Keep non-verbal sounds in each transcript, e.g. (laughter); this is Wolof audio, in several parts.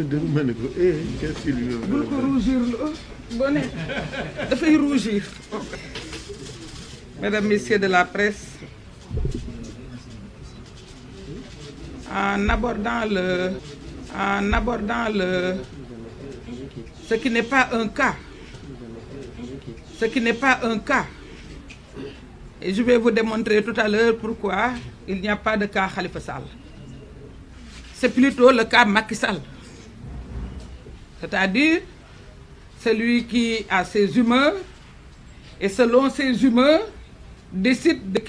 Eh, dafa dëgg de la presse en abordant le en ce qui n'est pas un cas ce qui n'est pas un cas et je vais vous démontrer tout à l'heure pourquoi il n'y a pas de cas Khalifa c'est plutôt le cas Macky c'est-à-dire celui qui a ses humeurs et selon ses humeurs décide de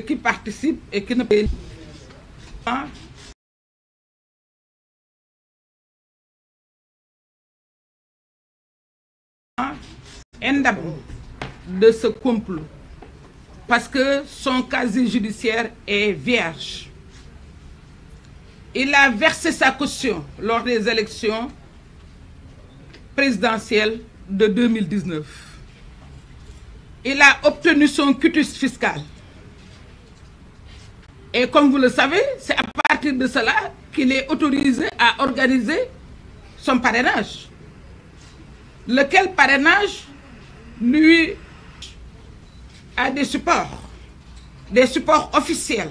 qui participe et qui ne indemne de ce complot parce que son casier judiciaire est vierge. Il a versé sa caution lors des élections présidentielles de 2019. Il a obtenu son quitus fiscal. Et comme vous le savez, c'est à partir de cela qu'il est autorisé à organiser son parrainage. Lequel parrainage lui a des supports, des supports officiels.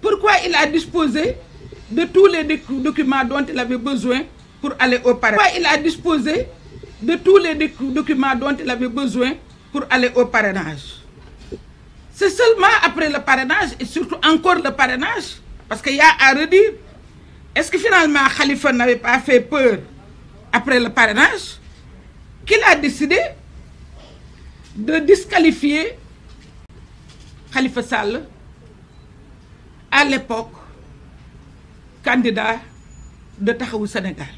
Pourquoi il a disposé de tous les documents dont il avait besoin pour aller au parrainage Pourquoi il a disposé de tous les documents dont il avait besoin pour aller au parrainage C'est seulement après le parrainage, et surtout encore le parrainage, parce que y a à redire, est-ce que finalement Khalifa n'avait pas fait peur après le parrainage qu'il a décidé de disqualifier Khalifa Sall à l'époque candidat de Taxawu Sénégal.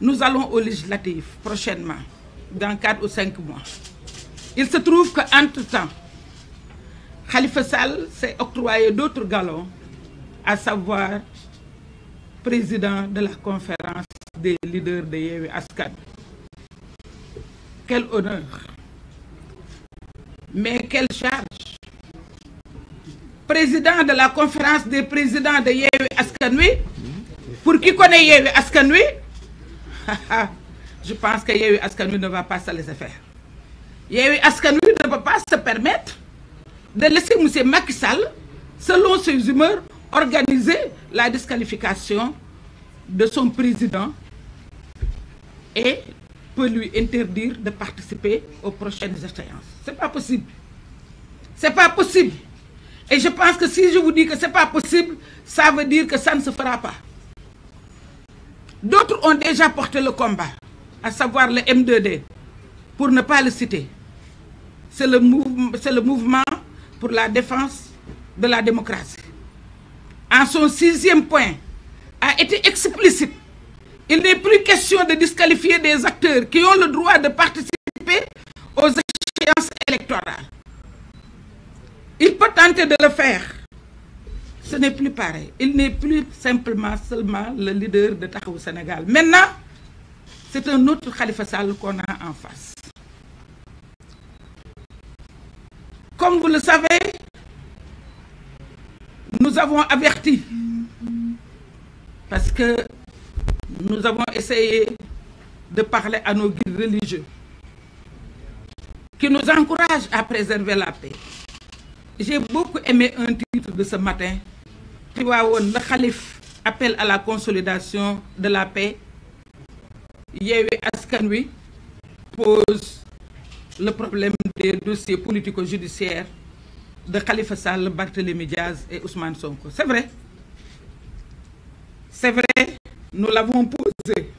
Nous allons aux législatives prochainement, dans 4 ou 5 mois. Il se trouve qu'entre-temps, Khalifa Sall s'est octroyé d'autres galons, à savoir président de la conférence des leaders de Yewwi Askan. Quel honneur! Mais quelle charge! président de la conférence des présidents de Yewwi Askan Wi pour qui connaît Yewwi Askan Wi (laughs) je pense que Yewwi Askan Wi ne va pas se laisser faire Yewwi Askan Wi ne peut pas se permettre de laisser monsieur Macky Sall selon ses humeurs organiser la disqualification de son président et peut lui interdire de participer aux prochaines échéances c'est pas possible c'est pas possible Et je pense que si je vous dis que ce n'est pas possible, ça veut dire que ça ne se fera pas. D'autres ont déjà porté le combat, à savoir le M2D, pour ne pas le citer. C'est le, le, mouvement pour la défense de la démocratie. En son sixième point, a été explicite. Il n'est plus question de disqualifier des acteurs qui ont le droit de tenté de le faire ce n'est plus pareil il n'est plus simplement seulement le leader de Taxawu Sénégal maintenant c'est un autre Khalifa Sall qu'on a en face comme vous le savez nous avons averti parce que nous avons essayé de parler à nos guides religieux qui nous encouragent à préserver la paix J'ai beaucoup aimé un titre de ce matin. Tivaouane, le calife appelle à la consolidation de la paix. Yewwi Askan Wi pose le problème des dossiers politico-judiciaires de Khalifa Sall, Barthélémy Diaz et Ousmane Sonko. C'est vrai. C'est vrai, nous l'avons posé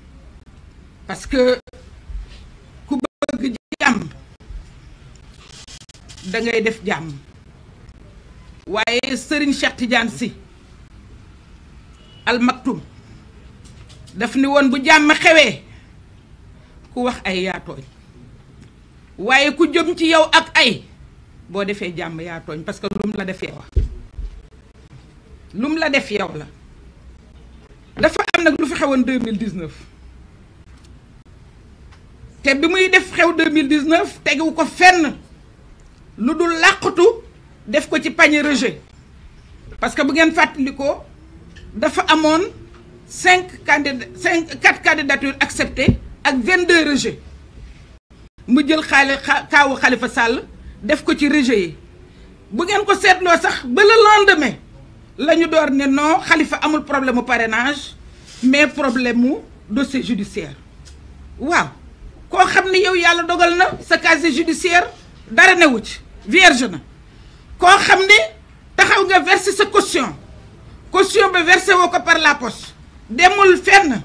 parce que ku bëgg jàmm da def jàmm. waaye Serigne Cheikh Tidiane si almaktum daf ni woon bu jàmm xewee ku wax ay yaa waaye ku jëm ci yow ak ay boo defee jàmm yaa tooñ parce que lum la def yow la def yow la dafa am nag lu fi xewoon 2019 te bi muy def xew 2019 tegewu ko fenn lu dul làqutu def ko ci panier rejet parce que bu ngeen fàttalikoo dafa amoon cinq candidat cinq quatre candidatures acceptées ak vingt deux rejets mu jël xaali kaawu Khalifa Sall def ko ci rejet yi bu ngeen ko seetloo sax ba le lendemain la ñu door ne non xalifa amul problème mu parrainage mais problème mu dossier judiciaire waaw koo xam ni yow yàlla dogal na sa casier judiciaire dara newu ci vierge na koo xam ne taxaw nga verser sa caution caution ba versé woo ko par la poste demul fenn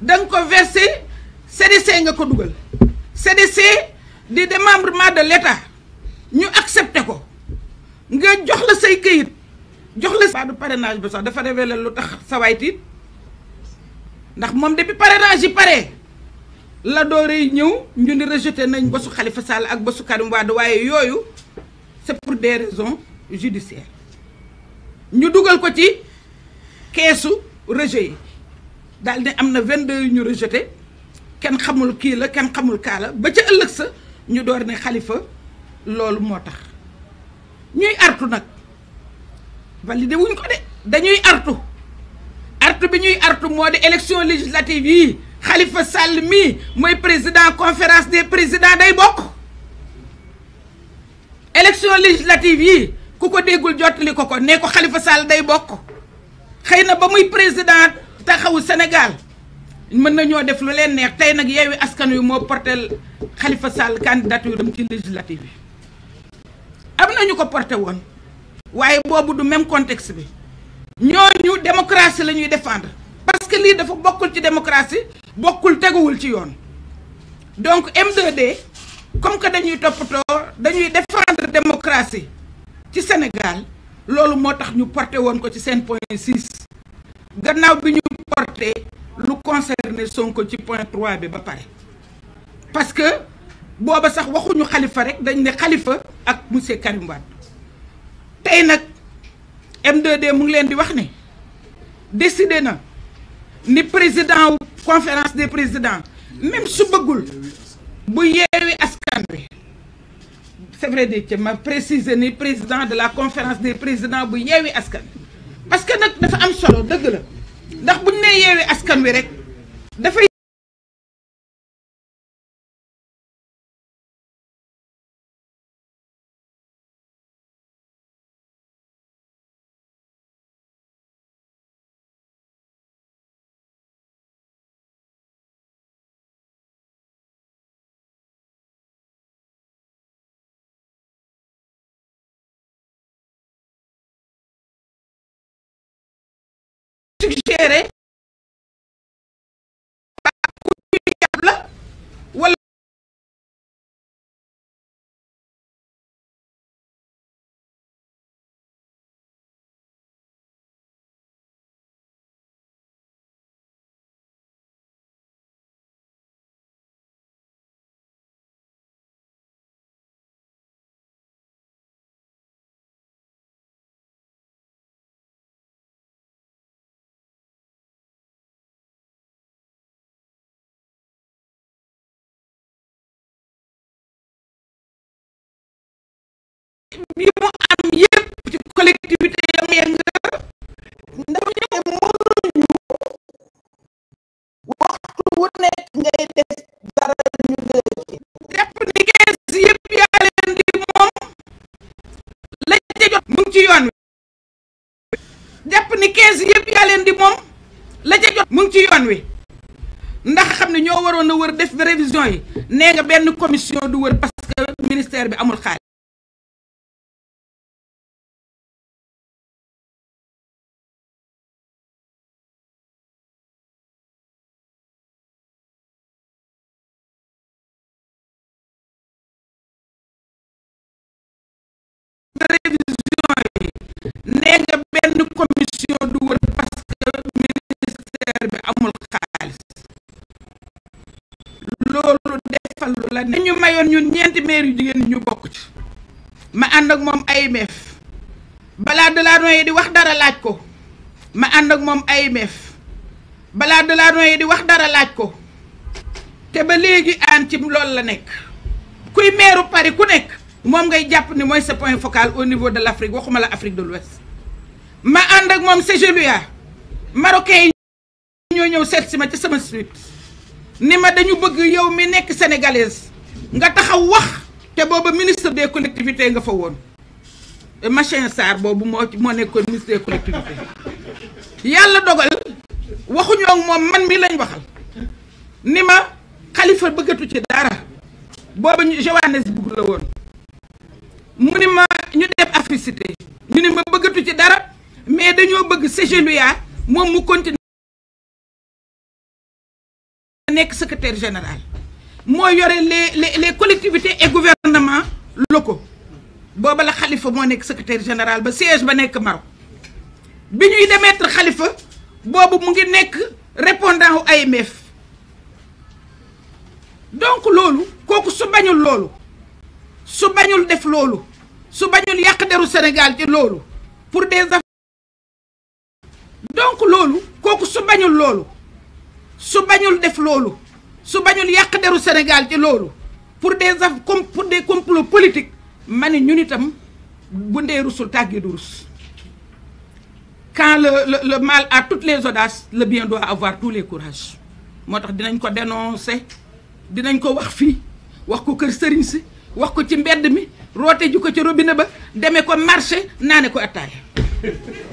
da nga ko versé CDC nga ko dugal CDC di démembrement de l'État ñu accepté ko nga jox la say këyit jox la baadu parenage bi sax dafa révélé lu tax sa waay tiit ndax moom depuis parenage yi pare la dooree ñëw ñu ni rejeté nañ bosu xalifa Sall ak bosu Karim Wade waaye yooyu c'est pour des raisons judiciaires ñu dugal ko ci keesu rejet yi daal ne am na 22 yu ñu rejeté kenn xamul kii la kenn xamul kaa la ba ca ëllëg sa ñu door ne xalifa loolu moo tax ñuy artu nag validé wuñ ko de dañuy artu artu bi ñuy artu moo de élection législative yii xalifa Sall mii mooy président conférence des président day bokk élection législative yii ku ko déggul jottali ko ko nee ko Khalifa Sall day bokk xëy na ba muy président taxawu Sénégal mën nañoo def lu leen neex tey nag yeewi askan wi moo portel Khalifa Sall candidature dem ci législative bi am nañu ko porté woon waaye boobu du même contexte bi ñooñu démocratie la ñuy défendre parce que lii dafa bokkul ci démocratie bokkul teguwul ci yoon donc md 2 comme que dañuy toppatoo dañuy défendre démocratie ci Sénégal loolu moo tax ñu porté woon ko ci seen point six gannaaw bi ñu porté lu concerné Sonko ci point trois bi ba pare parce que booba sax waxuñu Khalifa rek dañ ne xalifa ak monsieur Karim tey nag M2D mu ngi leen di wax ni décidé na ni président wu conférence des présidents même su bëggul bu yeewi askan wi c'est vrai de ma préciser ni président de la conférence des président bu yeewi askan parce que nag dafa am solo dëgg la ndax buñ nee yeewi askan wi rek dafay suggéré yi mu am yépp ci collectivité yooyu yëng ndaw ñi mënuñu waxtu wu nekk ngay def dara ñu dëgg ci jàpp ni kees yëpp yaa leen di moom lañ ca jot mu ngi ci yoon wi jàpp ni kees yëpp yaa leen di moom la ca jot ci yoon wi ndax xam ne ñoo waroon a wër def révision yi nee nga benn commission du wër parce que ministère bi amul xaalis ñu mayoon ñun ñeenti maire yu jigéen ñu bokk ci ma ànd ak moom AMF balaa Delano yi di wax dara laaj ko ma ànd ak moom AMF balaa Delano yi di wax dara laaj ko te ba léegi aan ci loolu la nekk kuy meeru Paris ku nekk moom ngay jàpp ne mooy sa point focal au niveau de l' Afrique waxuma la Afrique de l'Ouest ma ànd ak moom CGLUA marocain yi ñoo ñëw seet si ma ci sama suite ni ma dañu bëgg yow mi nekk sénégalaise nga taxaw wax te booba ministre de collectivités nga fa woon euh, Machin Sarr boobu moo moo nekkoon ministre des collectivités yàlla dogal waxuñoo moom man mi lañ waxal ni ma xalifa bëggatu ci dara booba Johannesburg la woon mu ni ma ñu dem africité ñu ni ma bëggatu ci dara mais dañoo bëgg CGLUA moom mu continuer nekk secretaire général mooy yore les les les collectivités et gouvernements locaux booba la xalifa moo nekk secretaire général ba siège ba nekk maro bi ñuy démettre xalifa boobu mu ngi nekk répondant u AMF donc loolu kooku su bañul loolu su bañul def loolu su bañul yàq deru Sénégal ci loolu pour des affaires donc loolu kooku su bañul loolu su bañul def loolu su bañul yàq deru Sénégal ci loolu pour des af comme pour des complots politiques ma ñun itam bu ndee rusul tàggi du rus quand le le le mal à toutes les audaces le bien doit avoir tous les courages moo tax dinañ ko dénoncer dinañ ko wax fii wax ko kër sëriñ si wax ko ci mbedd mi roote ju ko ca robine ba demee ko marché naane ko attaaya